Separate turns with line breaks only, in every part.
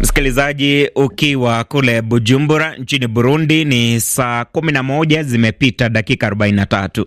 Msikilizaji, ukiwa kule Bujumbura nchini Burundi ni saa 11 zimepita dakika 43.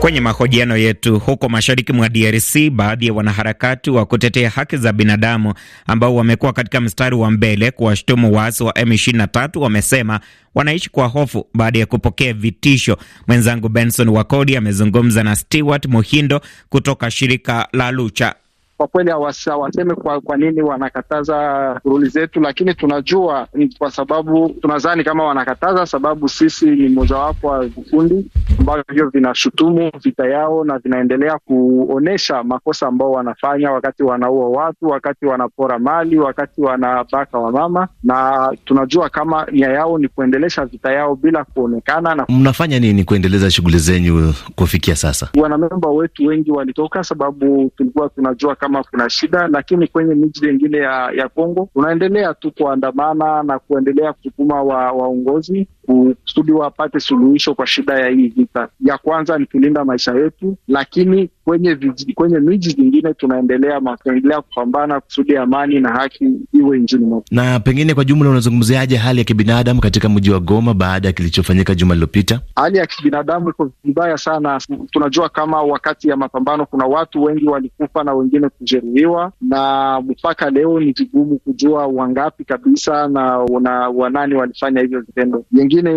Kwenye mahojiano yetu huko mashariki mwa DRC, baadhi ya wanaharakati wa kutetea haki za binadamu ambao wamekuwa katika mstari wa mbele kuwashutumu waasi wa M23 wamesema wanaishi kwa hofu baada ya kupokea vitisho. Mwenzangu Benson Wakodi amezungumza na Stewart Muhindo kutoka shirika la Lucha
kwa kweli hawaseme kwa, kwa nini wanakataza ruli zetu, lakini tunajua kwa sababu tunadhani kama wanakataza sababu sisi ni mojawapo wa vikundi ambavyo vinashutumu vita yao na vinaendelea kuonyesha makosa ambao wanafanya wakati wanaua watu, wakati wanapora mali, wakati wanabaka wamama, na tunajua kama nia yao ni kuendelesha vita yao bila kuonekana. Na
mnafanya nini kuendeleza shughuli zenyu kufikia sasa?
Wanamemba wetu wengi walitoka sababu tulikuwa tunajua kama kama kuna shida, lakini kwenye miji mingine ya, ya Kongo tunaendelea tu kuandamana na kuendelea kusukuma waongozi wa kusudi wapate suluhisho kwa shida ya hii vita. Ya kwanza ni kulinda maisha yetu, lakini kwenye vijiji, kwenye miji zingine tunaendelea tunaendelea kupambana kusudi amani na haki iwe nchini mwetu.
Na pengine kwa jumla, unazungumziaje hali ya kibinadamu katika mji wa Goma baada ya kilichofanyika juma lililopita?
Hali ya kibinadamu iko vibaya sana. Tunajua kama wakati ya mapambano kuna watu wengi walikufa na wengine kujeruhiwa, na mpaka leo ni vigumu kujua wangapi kabisa na wana, wanani walifanya hivyo vitendo. yengine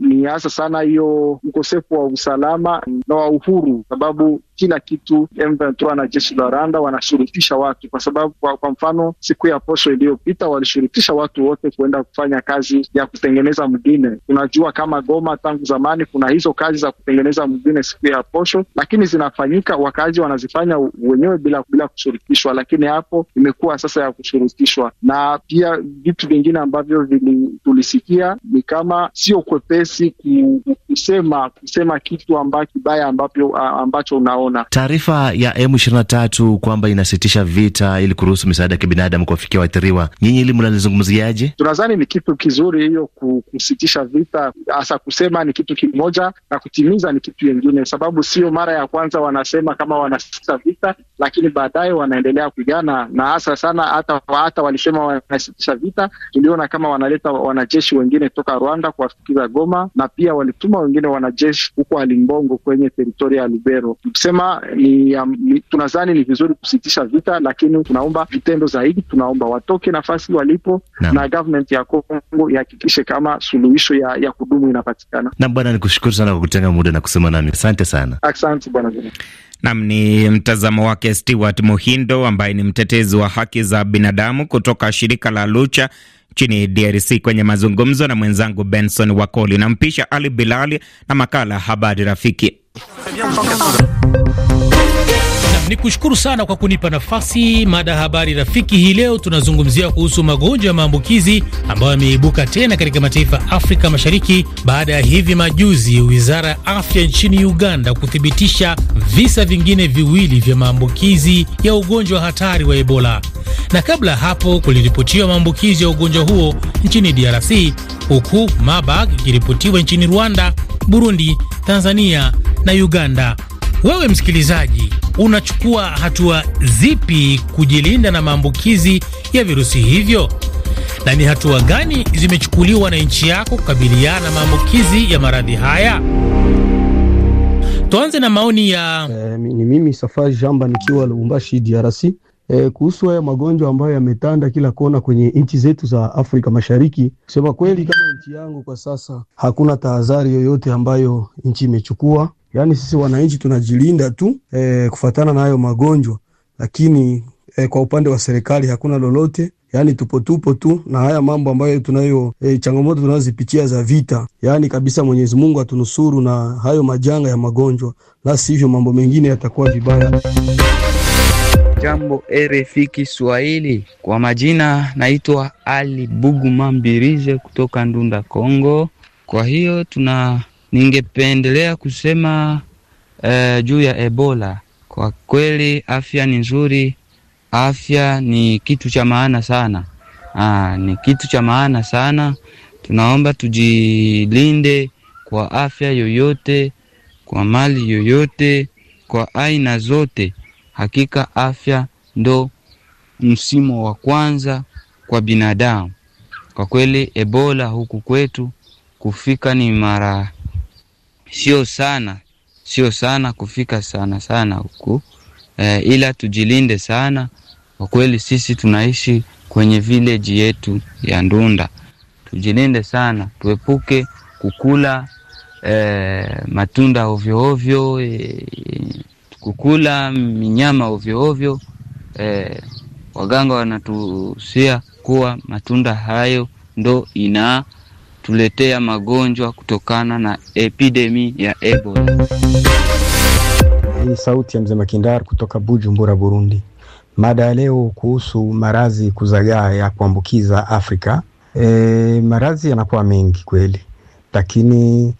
ni hasa sana hiyo ukosefu wa usalama na wa uhuru, sababu kila kitu M23 na jeshi la Rwanda wanashurutisha watu kwa sababu kwa, kwa mfano siku ya posho iliyopita walishurutisha watu wote kuenda kufanya kazi ya kutengeneza mgine. Tunajua kama Goma tangu zamani kuna hizo kazi za kutengeneza mgine siku ya posho, lakini zinafanyika, wakazi wanazifanya wenyewe bila bila kushirikishwa, lakini hapo imekuwa sasa ya kushirikishwa. Na pia vitu vingine ambavyo tulisikia ni kama sio kwepesi ku kusema kusema kitu amba kibaya ambacho, ambacho unaona.
Taarifa
ya M23 kwamba inasitisha vita ili kuruhusu misaada ya kibinadamu kuwafikia waathiriwa, nyinyi ili mnalizungumziaje?
Tunadhani ni kitu kizuri hiyo, kusitisha vita, hasa kusema ni kitu kimoja na kutimiza ni kitu kingine, sababu sio mara ya kwanza wanasema kama wanasitisha vita, lakini baadaye wanaendelea kupigana, na hasa sana hata, hata walisema wanasitisha vita, tuliona kama wanaleta wanajeshi wengine toka Rwanda kuwafikiza Goma na pia walituma wengine wanajeshi huko alimbongo kwenye teritoria ya Lubero. Tukisema ni, um, ni tunazani ni vizuri kusitisha vita, lakini tunaomba vitendo zaidi, tunaomba watoke nafasi walipo na, na government ya Kongo ihakikishe kama suluhisho ya, ya kudumu inapatikana.
Na bwana, nikushukuru sana kwa kutenga muda na kusema nami, asante sana.
Asante bwana.
Nam ni
mtazamo wake Stewart Muhindo ambaye ni mtetezi wa haki za binadamu kutoka shirika la Lucha nchini DRC kwenye mazungumzo na mwenzangu Benson Wakoli. Nampisha Ali Bilali na makala Habari Rafiki
ni kushukuru sana kwa kunipa nafasi. Mada habari rafiki hii leo tunazungumzia kuhusu magonjwa ya maambukizi ambayo yameibuka tena katika mataifa ya Afrika Mashariki baada ya hivi majuzi wizara ya afya nchini Uganda kuthibitisha visa vingine viwili vya maambukizi ya ugonjwa hatari wa Ebola, na kabla ya hapo kuliripotiwa maambukizi ya ugonjwa huo nchini DRC, huku mabag ikiripotiwa nchini Rwanda, Burundi, Tanzania na Uganda. Wewe msikilizaji unachukua hatua zipi kujilinda na maambukizi ya virusi hivyo? Na ni hatua gani zimechukuliwa na nchi yako kukabiliana na maambukizi ya maradhi haya? Tuanze na maoni ya e, ni mimi Safari
Jamba nikiwa Lubumbashi DRC. E, eh, kuhusu haya magonjwa ambayo yametanda kila kona kwenye nchi zetu za Afrika Mashariki, kusema kweli, kama nchi yangu kwa sasa hakuna tahadhari yoyote ambayo nchi imechukua Yaani sisi wananchi tunajilinda tu e, eh, kufatana na hayo magonjwa, lakini e, kwa upande wa serikali hakuna lolote yaani tupo tupo tu na haya mambo ambayo tunayo e, changamoto tunazozipitia za vita. Yaani kabisa Mwenyezi Mungu atunusuru na hayo majanga ya magonjwa, la sivyo mambo mengine yatakuwa vibaya. Jambo RFI Kiswahili, kwa majina naitwa Ali Buguma Mbirize kutoka Ndunda, Kongo. Kwa hiyo tuna Ningependelea kusema uh, juu ya Ebola. Kwa kweli afya ni nzuri, afya ni kitu cha maana sana. Aa, ah, ni kitu cha maana sana. Tunaomba tujilinde kwa afya yoyote, kwa mali yoyote, kwa aina zote. Hakika afya ndo msimo wa kwanza kwa binadamu. Kwa kweli Ebola huku kwetu kufika ni mara sio sana, sio sana kufika sana sana huku e, ila tujilinde sana kwa kweli. Sisi tunaishi kwenye vileji yetu ya Ndunda, tujilinde sana, tuepuke kukula e, matunda ovyo, e, kukula minyama ovyo. e, waganga wanatuhusia kuwa matunda hayo ndo ina kutuletea magonjwa kutokana na epidemi ya Ebola.
Hii sauti ya mzee Makindar kutoka Bujumbura, Burundi. Mada ya leo kuhusu maradhi kuzagaa ya kuambukiza Afrika. E, maradhi yanakuwa mengi kweli, lakini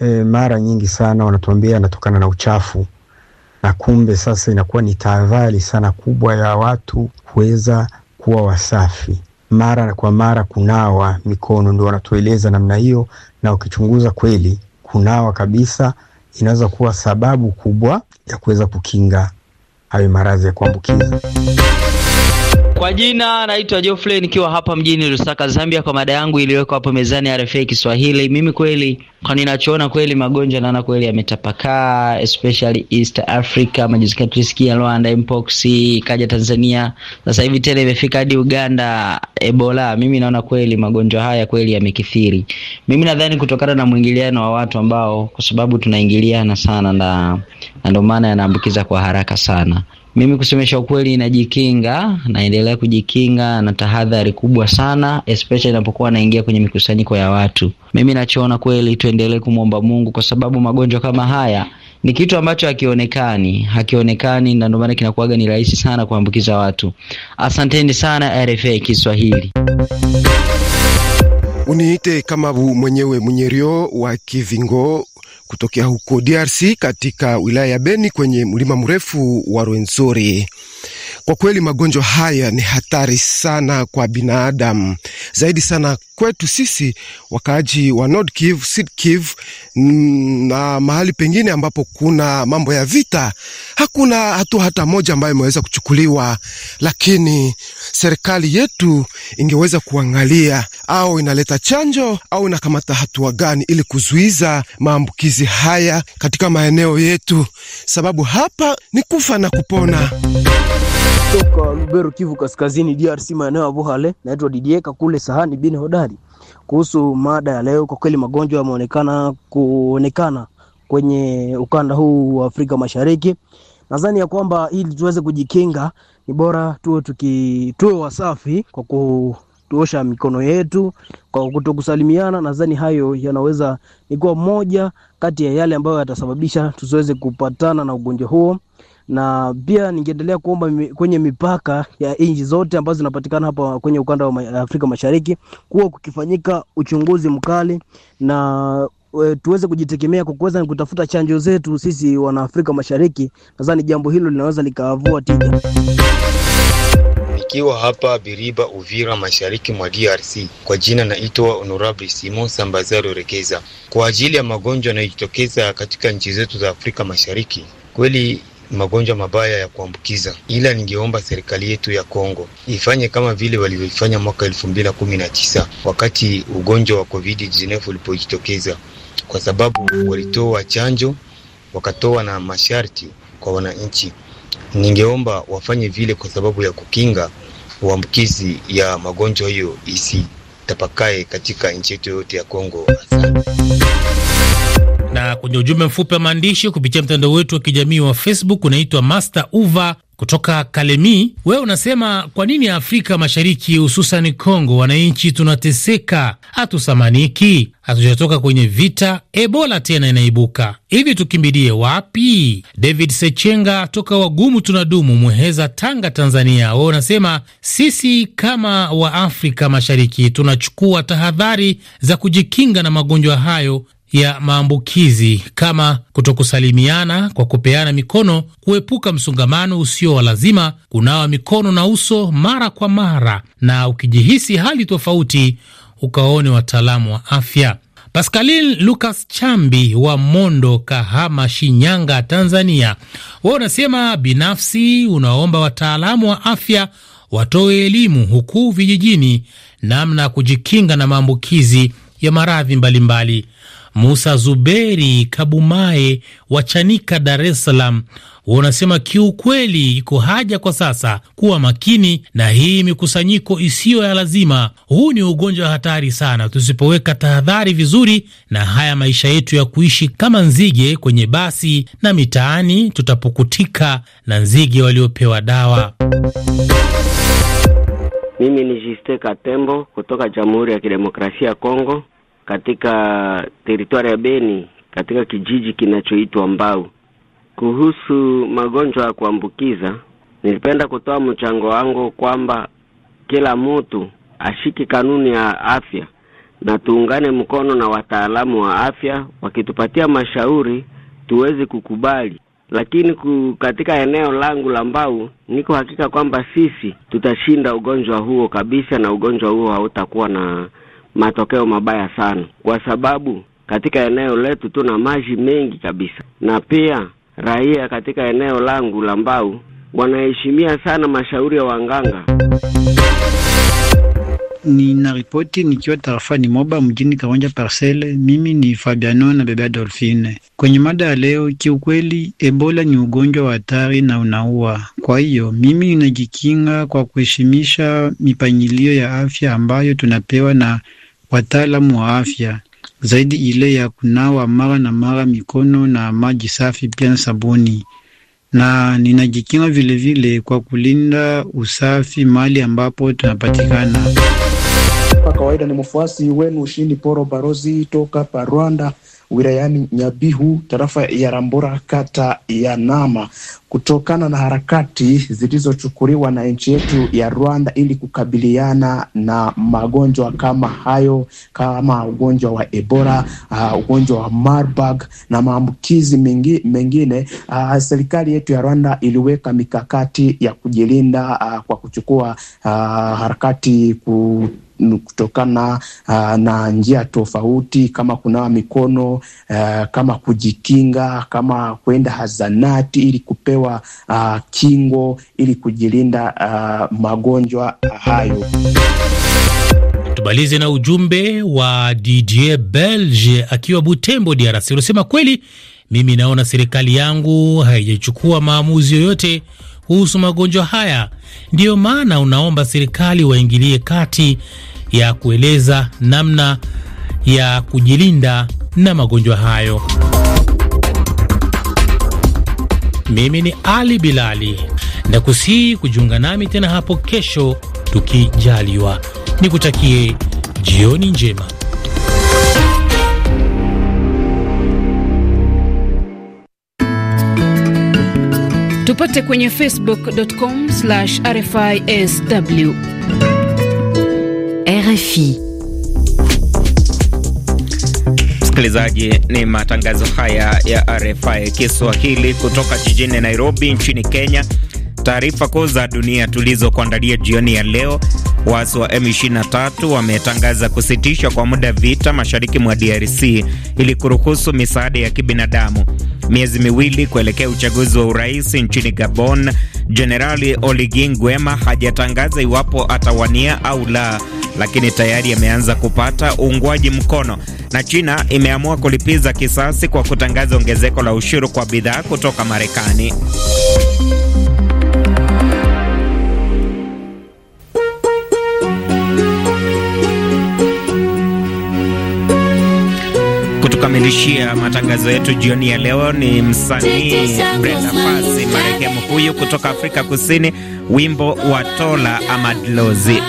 e, mara nyingi sana wanatuambia yanatokana na uchafu, na kumbe sasa inakuwa ni tahadhari sana kubwa ya watu kuweza kuwa wasafi mara kwa mara kunawa mikono, ndio wanatueleza namna hiyo, na ukichunguza kweli kunawa kabisa inaweza kuwa sababu kubwa ya kuweza kukinga hayo maradhi ya kuambukiza.
Kwa jina naitwa Geoffrey nikiwa hapa mjini Lusaka, Zambia, kwa mada yangu iliyowekwa hapo mezani ya RFA Kiswahili. Mimi kweli kwa ninachoona kweli magonjwa naona kweli yametapakaa especially East Africa, majuzi kati tulisikia Rwanda mpox, ikaja Tanzania, sasa hivi tena imefika hadi Uganda Ebola. Mimi naona kweli magonjwa haya kweli yamekithiri. Mimi nadhani kutokana na mwingiliano wa watu ambao, kwa sababu tunaingiliana sana na ndio maana yanaambukiza kwa haraka sana. Mimi kusemesha ukweli, najikinga, naendelea kujikinga na tahadhari kubwa sana, especially inapokuwa naingia kwenye mikusanyiko ya watu. Mimi nachoona kweli, tuendelee kumwomba Mungu kwa sababu magonjwa kama haya ni kitu ambacho hakionekani, hakionekani, na ndio maana kinakuwaga ni rahisi sana kuambukiza watu. Asanteni sana RFA Kiswahili.
Uniite kama mwenyewe Munyerio wa Kivingo kutokea huko DRC katika wilaya ya Beni kwenye mlima mrefu wa Rwenzori. Kwa kweli magonjwa haya ni hatari sana kwa binadamu, zaidi sana kwetu sisi wakaaji wa Nord Kivu, Sud Kivu na mahali pengine ambapo kuna mambo ya vita, hakuna hatua hata moja ambayo imeweza kuchukuliwa, lakini serikali yetu ingeweza kuangalia au inaleta chanjo au inakamata hatua gani ili kuzuiza maambukizi haya katika maeneo yetu, sababu hapa ni kufa na kupona.
Toka Lubero, Kivu Kaskazini, DRC, maeneo ya Buhale, naitwa Didieka kule sahani bin hodari kuhusu mada ya leo. Kwa kweli magonjwa yameonekana kuonekana kwenye ukanda huu wa Afrika Mashariki. Nadhani ya kwamba ili tuweze kujikinga ni bora tuwe tuki wasafi kwa kutuosha mikono yetu, kwa kutokusalimiana. Nadhani hayo yanaweza ni kuwa moja kati ya yale ambayo yatasababisha tusiweze kupatana na ugonjwa huo na pia ningeendelea kuomba kwenye mipaka ya nchi zote ambazo zinapatikana hapa kwenye ukanda wa Afrika Mashariki kuwa kukifanyika uchunguzi mkali na e, tuweze kujitegemea kwa kuweza kutafuta chanjo zetu sisi wana Afrika Mashariki. Nadhani jambo hilo linaweza
likavua tija.
Nikiwa hapa Biriba, Uvira, mashariki mwa DRC. Kwa jina naitwa Honorable Simon Sambazaro Rekeza. Kwa ajili ya magonjwa yanayojitokeza katika nchi zetu za Afrika Mashariki, kweli magonjwa mabaya ya kuambukiza, ila ningeomba serikali yetu ya Kongo ifanye kama vile walivyofanya mwaka elfu mbili na kumi na tisa wakati ugonjwa wa Covid 19 ulipojitokeza, kwa sababu walitoa chanjo wakatoa na masharti kwa wananchi. Ningeomba wafanye vile kwa sababu ya kukinga uambukizi ya magonjwa hiyo isitapakae katika nchi yetu yote ya Kongo.
Asante
na kwenye ujumbe mfupi wa maandishi kupitia mtandao wetu wa kijamii wa Facebook unaitwa Master Uva kutoka Kalemi, wewe unasema kwa nini Afrika Mashariki hususani Kongo wananchi tunateseka, hatusamaniki, hatujatoka kwenye vita, Ebola tena inaibuka hivi, tukimbilie wapi? David Sechenga toka wagumu tunadumu, Mweheza, Tanga, Tanzania, wewe unasema sisi kama wa Afrika Mashariki tunachukua tahadhari za kujikinga na magonjwa hayo ya maambukizi kama kutokusalimiana kwa kupeana mikono, kuepuka msongamano usio wa lazima, kunawa mikono na uso mara kwa mara, na ukijihisi hali tofauti ukaone wataalamu wa afya. Pascalin Lucas Chambi wa Mondo, Kahama, Shinyanga, Tanzania, wao unasema binafsi unaomba wataalamu wa afya watoe elimu huku vijijini namna ya kujikinga na maambukizi ya maradhi mbalimbali. Musa Zuberi Kabumae wachanika Dar es Salaam, wanasema kiukweli, iko haja kwa sasa kuwa makini na hii mikusanyiko isiyo ya lazima. Huu ni ugonjwa hatari sana, tusipoweka tahadhari vizuri na haya maisha yetu ya kuishi kama nzige kwenye basi na mitaani, tutapukutika na nzige waliopewa dawa.
Mimi ni Jiste Katembo kutoka Jamhuri ya Kidemokrasia ya Kongo katika teritwari ya Beni katika kijiji kinachoitwa Mbau. Kuhusu magonjwa ya kuambukiza, nilipenda kutoa mchango wangu kwamba kila mtu ashiki kanuni ya afya na tuungane mkono na wataalamu wa afya wakitupatia mashauri tuweze kukubali. Lakini ku, katika eneo langu la Mbau niko hakika kwamba sisi tutashinda ugonjwa huo kabisa, na ugonjwa huo hautakuwa na matokeo mabaya sana, kwa sababu katika eneo letu tuna maji mengi kabisa, na pia raia katika eneo langu la Mbau wanaheshimia sana mashauri ya wanganga.
ripoti nikiwa tarafani Moba mjini Karonja Parcele. Mimi ni Fabiano na bebe Adolfine. Kwenye mada ya leo, kiukweli, Ebola ni ugonjwa wa hatari na unaua. Kwa hiyo mimi ninajikinga kwa kuheshimisha mipangilio ya afya ambayo tunapewa na wataalamu wa afya zaidi ile ya kunawa mara na mara mikono na maji safi pia na sabuni, na ninajikinga vilevile kwa kulinda usafi mahali ambapo tunapatikana. Kwa kawaida ni mfuasi wenu Ushindi Poro Barozi toka pa Rwanda wilayani Nyabihu, tarafa ya Rambura, kata ya Nama, kutokana na harakati zilizochukuliwa na nchi yetu ya Rwanda ili kukabiliana na magonjwa kama hayo, kama ugonjwa wa Ebola, uh, ugonjwa wa Marburg na maambukizi mengine. Uh, serikali yetu ya Rwanda iliweka mikakati ya kujilinda uh, kwa kuchukua uh, harakati ku kutokana uh, na njia tofauti kama kunawa mikono uh, kama kujikinga, kama kwenda hazanati ili kupewa uh, kingo ili kujilinda uh, magonjwa hayo.
Tumalize na ujumbe wa DJ Belge akiwa Butembo, DRC. Unasema kweli, mimi naona serikali yangu haijachukua maamuzi yoyote kuhusu magonjwa haya. Ndiyo maana unaomba serikali waingilie kati ya kueleza namna ya kujilinda na magonjwa hayo. Mimi ni Ali Bilali na kusihi kujiunga nami tena hapo kesho tukijaliwa. Nikutakie jioni njema.
Tupate kwenye facebookcom RFISW.
RFI
msikilizaji, ni matangazo haya ya RFI Kiswahili kutoka jijini Nairobi nchini Kenya. Taarifa kuu za dunia tulizokuandalia jioni ya leo. Waasi wa M23 wametangaza kusitisha kwa muda vita mashariki mwa DRC ili kuruhusu misaada ya kibinadamu miezi miwili kuelekea uchaguzi wa urais nchini Gabon, Jenerali oligin Nguema hajatangaza iwapo atawania au la, lakini tayari ameanza kupata uungwaji mkono. Na China imeamua kulipiza kisasi kwa kutangaza ongezeko la ushuru kwa bidhaa kutoka Marekani. kutukamilishia matangazo yetu jioni ya leo ni msanii Brenda Fasi, marehemu huyu kutoka Afrika Kusini, wimbo wa Tola Amadlozi.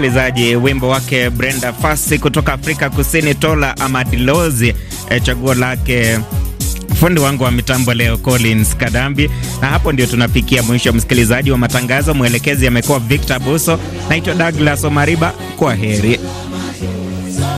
msikilizaji, wimbo wake Brenda fasi kutoka Afrika Kusini, Tola Amadilozi, eh, chaguo lake fundi wangu wa mitambo leo Collins Kadambi. Na hapo ndio tunafikia mwisho, msikilizaji wa matangazo. Mwelekezi
amekuwa Victor Buso, naitwa Douglas Omariba. Kwa heri.